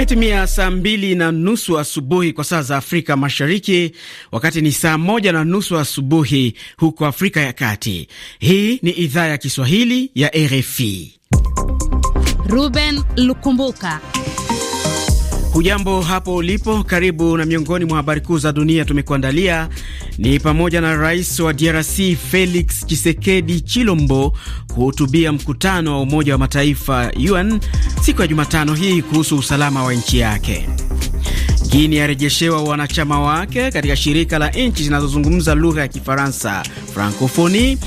Imetimia saa mbili na nusu asubuhi kwa saa za Afrika Mashariki, wakati ni saa moja na nusu asubuhi huko Afrika ya Kati. Hii ni idhaa ya Kiswahili ya RFI. Ruben Lukumbuka. Hujambo hapo ulipo, karibu na miongoni mwa habari kuu za dunia tumekuandalia ni pamoja na rais wa DRC Felix Chisekedi Chilombo kuhutubia mkutano wa Umoja wa Mataifa UN siku ya Jumatano hii kuhusu usalama wa nchi yake. Guinea arejeshewa wanachama wake katika shirika la nchi zinazozungumza lugha ya Kifaransa, francofoni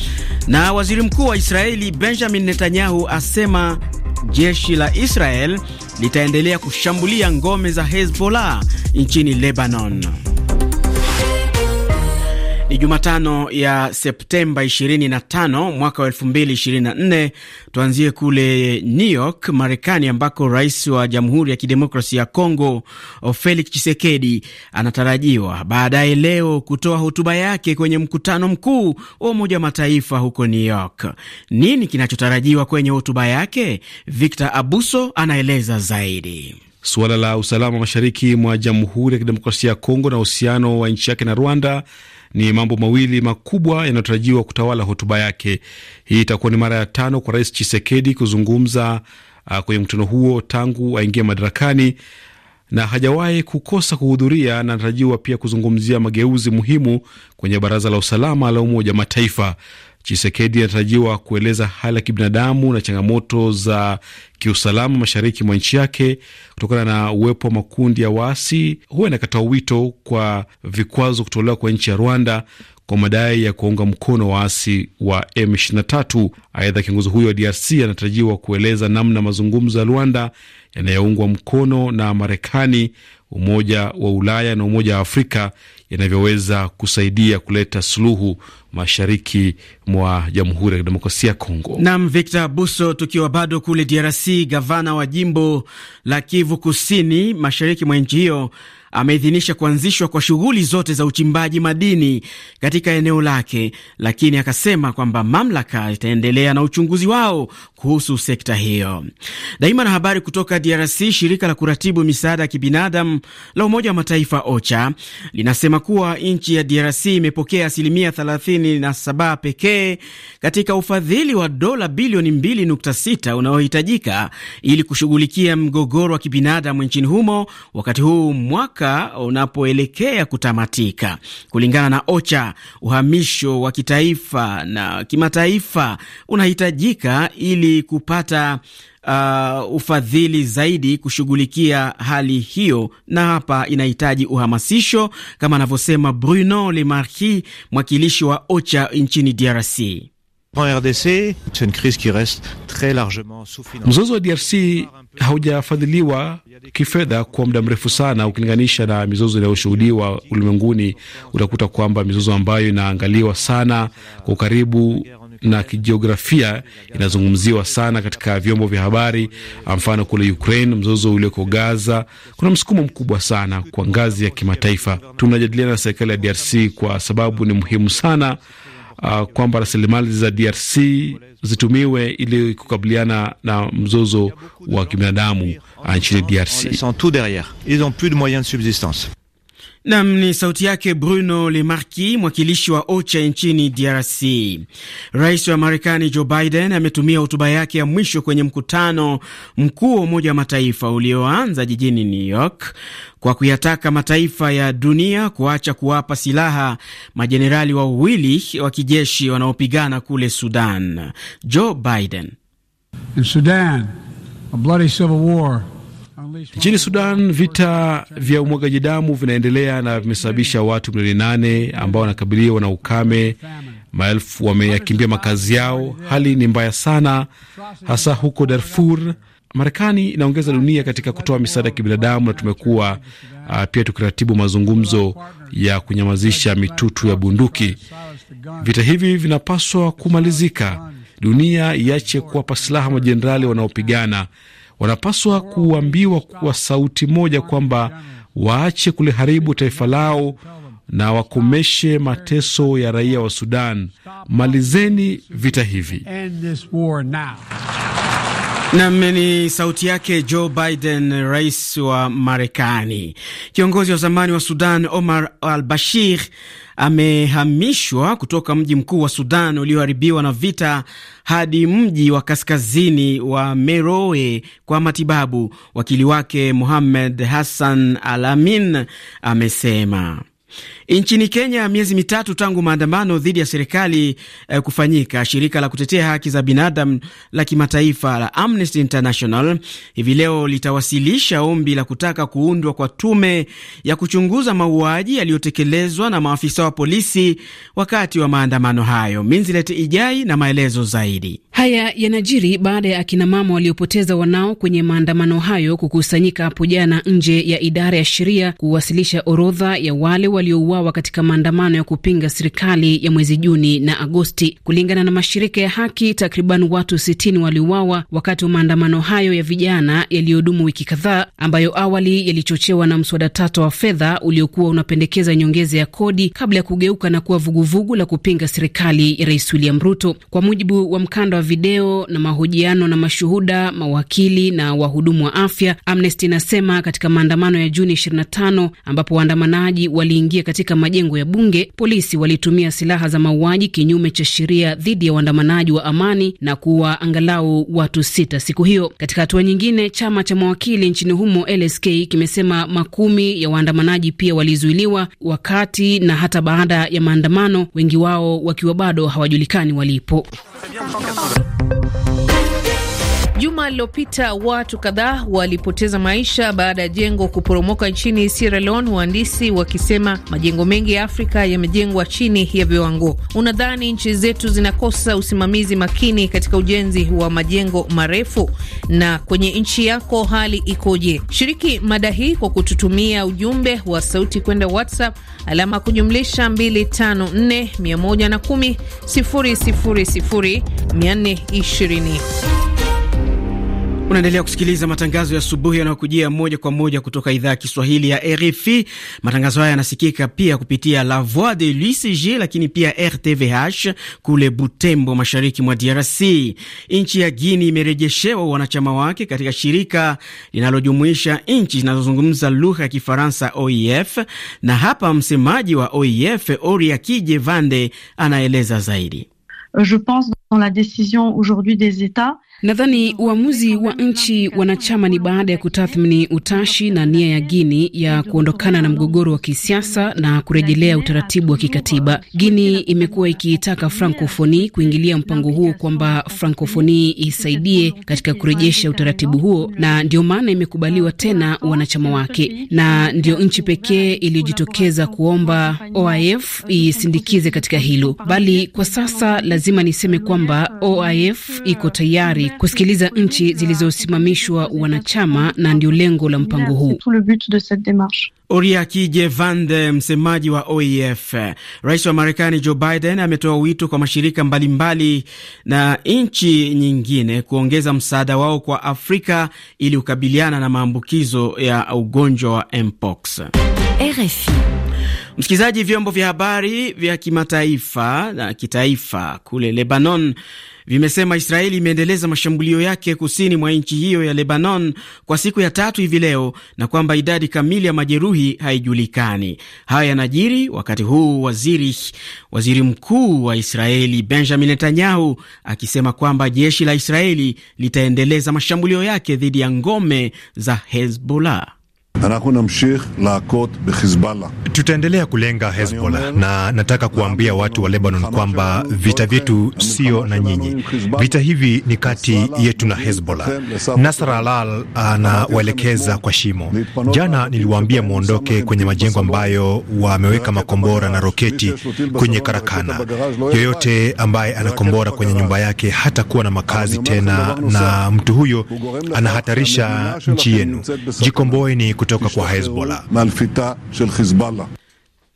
Na waziri mkuu wa Israeli Benjamin Netanyahu asema jeshi la Israel litaendelea kushambulia ngome za Hezbollah nchini Lebanon. Ni Jumatano ya Septemba 25 mwaka wa 2024. Tuanzie kule New York, Marekani, ambako rais wa Jamhuri ya Kidemokrasia ya Kongo Felix Tshisekedi anatarajiwa baadaye leo kutoa hotuba yake kwenye mkutano mkuu wa Umoja wa Mataifa huko New York. Nini kinachotarajiwa kwenye hotuba yake? Victor Abuso anaeleza zaidi. Suala la usalama mashariki mwa Jamhuri ya Kidemokrasia ya Kongo na uhusiano wa nchi yake na Rwanda ni mambo mawili makubwa yanayotarajiwa kutawala hotuba yake. Hii itakuwa ni mara ya tano kwa Rais Chisekedi kuzungumza uh, kwenye mkutano huo tangu aingia madarakani na hajawahi kukosa kuhudhuria na anatarajiwa pia kuzungumzia mageuzi muhimu kwenye baraza la usalama la Umoja Mataifa. Chisekedi anatarajiwa kueleza hali ya kibinadamu na changamoto za kiusalama mashariki mwa nchi yake kutokana na uwepo wa makundi ya waasi. huwa inakatoa wito kwa vikwazo kutolewa kwa nchi ya Rwanda kwa madai ya kuwaunga mkono waasi wa M23. Aidha, kiongozi huyo wa DRC anatarajiwa kueleza namna mazungumzo ya Rwanda yanayoungwa mkono na Marekani, Umoja wa Ulaya na Umoja wa Afrika yanavyoweza kusaidia kuleta suluhu mashariki mwa Jamhuri ya Kidemokrasia ya Kongo. Nam Victor Buso. Tukiwa bado kule DRC, gavana wa jimbo la Kivu Kusini, mashariki mwa nchi hiyo ameidhinisha kuanzishwa kwa shughuli zote za uchimbaji madini katika eneo lake, lakini akasema kwamba mamlaka itaendelea na uchunguzi wao kuhusu sekta hiyo. Daima na habari kutoka DRC, shirika la kuratibu misaada ya kibinadamu la Umoja wa Mataifa OCHA linasema kuwa nchi ya DRC imepokea asilimia 37 pekee katika ufadhili wa dola bilioni 2.6 unaohitajika ili kushughulikia mgogoro wa kibinadamu nchini humo, wakati huu mwaka unapoelekea kutamatika. Kulingana na OCHA, uhamisho wa kitaifa na kimataifa unahitajika ili kupata uh, ufadhili zaidi kushughulikia hali hiyo, na hapa inahitaji uhamasisho kama anavyosema Bruno Lemarquis, mwakilishi wa OCHA nchini DRC. Mzozo wa DRC haujafadhiliwa kifedha kwa muda mrefu sana. Ukilinganisha na mizozo inayoshuhudiwa ulimwenguni, utakuta kwamba mizozo ambayo inaangaliwa sana kwa ukaribu na kijiografia inazungumziwa sana katika vyombo vya habari. Mfano kule Ukraine, mzozo ulioko Gaza, kuna msukumo mkubwa sana kwa ngazi ya kimataifa. Tunajadiliana na serikali ya DRC kwa sababu ni muhimu sana uh, kwamba rasilimali za DRC zitumiwe ili kukabiliana na mzozo wa kibinadamu uh, nchini DRC. Nam ni sauti yake Bruno Lemarquis, mwakilishi wa OCHA nchini DRC. Rais wa Marekani Joe Biden ametumia hotuba yake ya mwisho kwenye mkutano mkuu wa Umoja wa Mataifa ulioanza jijini New York kwa kuyataka mataifa ya dunia kuacha kuwapa silaha majenerali wawili wa kijeshi wanaopigana kule Sudan. Joe Biden: In Sudan, a bloody civil war Nchini Sudan, vita vya umwagaji damu vinaendelea na vimesababisha watu milioni nane ambao wanakabiliwa na ukame. Maelfu wameyakimbia makazi yao. Hali ni mbaya sana, hasa huko Darfur. Marekani inaongeza dunia katika kutoa misaada ya kibinadamu na tumekuwa uh, pia tukiratibu mazungumzo ya kunyamazisha mitutu ya bunduki. Vita hivi vinapaswa kumalizika. Dunia iache kuwapa silaha majenerali wanaopigana wanapaswa kuambiwa kwa sauti moja kwamba waache kuliharibu taifa lao na wakomeshe mateso ya raia wa Sudan. Malizeni vita hivi. Nam ni sauti yake Joe Biden, rais wa Marekani. Kiongozi wa zamani wa Sudan Omar al Bashir amehamishwa kutoka mji mkuu wa Sudan ulioharibiwa na vita hadi mji wa kaskazini wa meroe kwa matibabu, wakili wake Muhamed Hassan al Amin amesema. Nchini Kenya, miezi mitatu tangu maandamano dhidi ya serikali eh, kufanyika, shirika la kutetea haki za binadamu la kimataifa la Amnesty International hivi leo litawasilisha ombi la kutaka kuundwa kwa tume ya kuchunguza mauaji yaliyotekelezwa na maafisa wa polisi wakati wa maandamano hayo. Minzilet Ijai na maelezo zaidi. Haya yanajiri baada ya akinamama waliopoteza wanao kwenye maandamano hayo kukusanyika hapo jana nje ya idara ya sheria kuwasilisha orodha ya wale waliouawa katika maandamano ya kupinga serikali ya mwezi Juni na Agosti. Kulingana na mashirika ya haki, takriban watu sitini waliuawa wakati wa maandamano hayo ya vijana yaliyodumu wiki kadhaa, ambayo awali yalichochewa na mswada tata wa fedha uliokuwa unapendekeza nyongeza ya kodi kabla ya kugeuka na kuwa vuguvugu la kupinga serikali ya Rais William Ruto. Kwa mujibu wa mkanda video na mahojiano na mashuhuda, mawakili na wahudumu wa afya, Amnesty inasema katika maandamano ya Juni 25 ambapo waandamanaji waliingia katika majengo ya bunge, polisi walitumia silaha za mauaji kinyume cha sheria dhidi ya waandamanaji wa amani na kuwa angalau watu sita siku hiyo. Katika hatua nyingine, chama cha mawakili nchini humo LSK kimesema makumi ya waandamanaji pia walizuiliwa wakati na hata baada ya maandamano, wengi wao wakiwa bado hawajulikani walipo. Thank you. Juma lililopita watu kadhaa walipoteza maisha baada ya jengo kuporomoka nchini Sierra Leone, wahandisi wakisema majengo mengi ya Afrika yamejengwa chini ya viwango. Unadhani nchi zetu zinakosa usimamizi makini katika ujenzi wa majengo marefu? Na kwenye nchi yako hali ikoje? Shiriki mada hii kwa kututumia ujumbe wa sauti kwenda WhatsApp alama kujumlisha 254 110 000 420. Unaendelea kusikiliza matangazo ya asubuhi yanayokujia moja kwa moja kutoka idhaa ya Kiswahili ya RFI. Matangazo haya yanasikika pia kupitia La Voix de l'UCG, lakini pia RTVH kule Butembo, mashariki mwa DRC. Nchi ya Guini imerejeshewa wanachama wake katika shirika linalojumuisha nchi zinazozungumza lugha ya Kifaransa, OIF, na hapa msemaji wa OIF Oria Kije Vande anaeleza zaidi. Je pense dans la aujourd'hui des Nadhani uamuzi wa nchi wanachama ni baada ya kutathmini utashi na nia ya guini ya kuondokana na mgogoro wa kisiasa na kurejelea utaratibu wa kikatiba. Gini imekuwa ikiitaka Frankofoni kuingilia mpango huo kwamba Frankofoni isaidie katika kurejesha utaratibu huo, na ndio maana imekubaliwa tena wanachama wake, na ndio nchi pekee iliyojitokeza kuomba OIF isindikize katika hilo, bali kwa sasa lazima niseme kwamba OIF iko tayari kusikiliza nchi zilizosimamishwa wanachama, na ndio lengo la mpango huu. Oriakije Vande, msemaji wa OEF. Rais wa Marekani Joe Biden ametoa wito kwa mashirika mbalimbali mbali na nchi nyingine kuongeza msaada wao kwa Afrika ili kukabiliana na maambukizo ya ugonjwa wa mpox. RFI Msikilizaji, vyombo vya habari vya kimataifa na kitaifa kule Lebanon vimesema Israeli imeendeleza mashambulio yake kusini mwa nchi hiyo ya Lebanon kwa siku ya tatu hivi leo na kwamba idadi kamili ya majeruhi haijulikani. Haya yanajiri wakati huu waziri, waziri mkuu wa Israeli Benjamin Netanyahu akisema kwamba jeshi la Israeli litaendeleza mashambulio yake dhidi ya ngome za Hezbollah. Tutaendelea kulenga Hezbollah na nataka kuambia watu wa Lebanon kwamba vita vyetu sio na nyinyi. Vita hivi ni kati yetu na Hezbollah. Nasar Alal anawaelekeza kwa shimo. Jana niliwaambia mwondoke kwenye majengo ambayo wameweka makombora na roketi kwenye karakana. Yoyote ambaye anakombora kwenye nyumba yake hatakuwa na makazi tena, na mtu huyo anahatarisha nchi yenu. Jikomboeni kutoka kutoka kwa Hezbollah.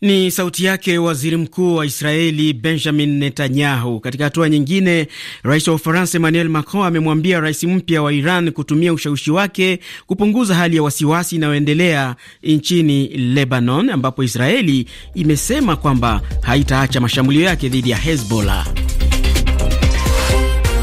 Ni sauti yake waziri mkuu wa Israeli Benjamin Netanyahu. Katika hatua nyingine, rais wa Ufaransa Emmanuel Macron amemwambia rais mpya wa Iran kutumia ushawishi wake kupunguza hali ya wasiwasi inayoendelea nchini Lebanon, ambapo Israeli imesema kwamba haitaacha mashambulio yake dhidi ya Hezbollah.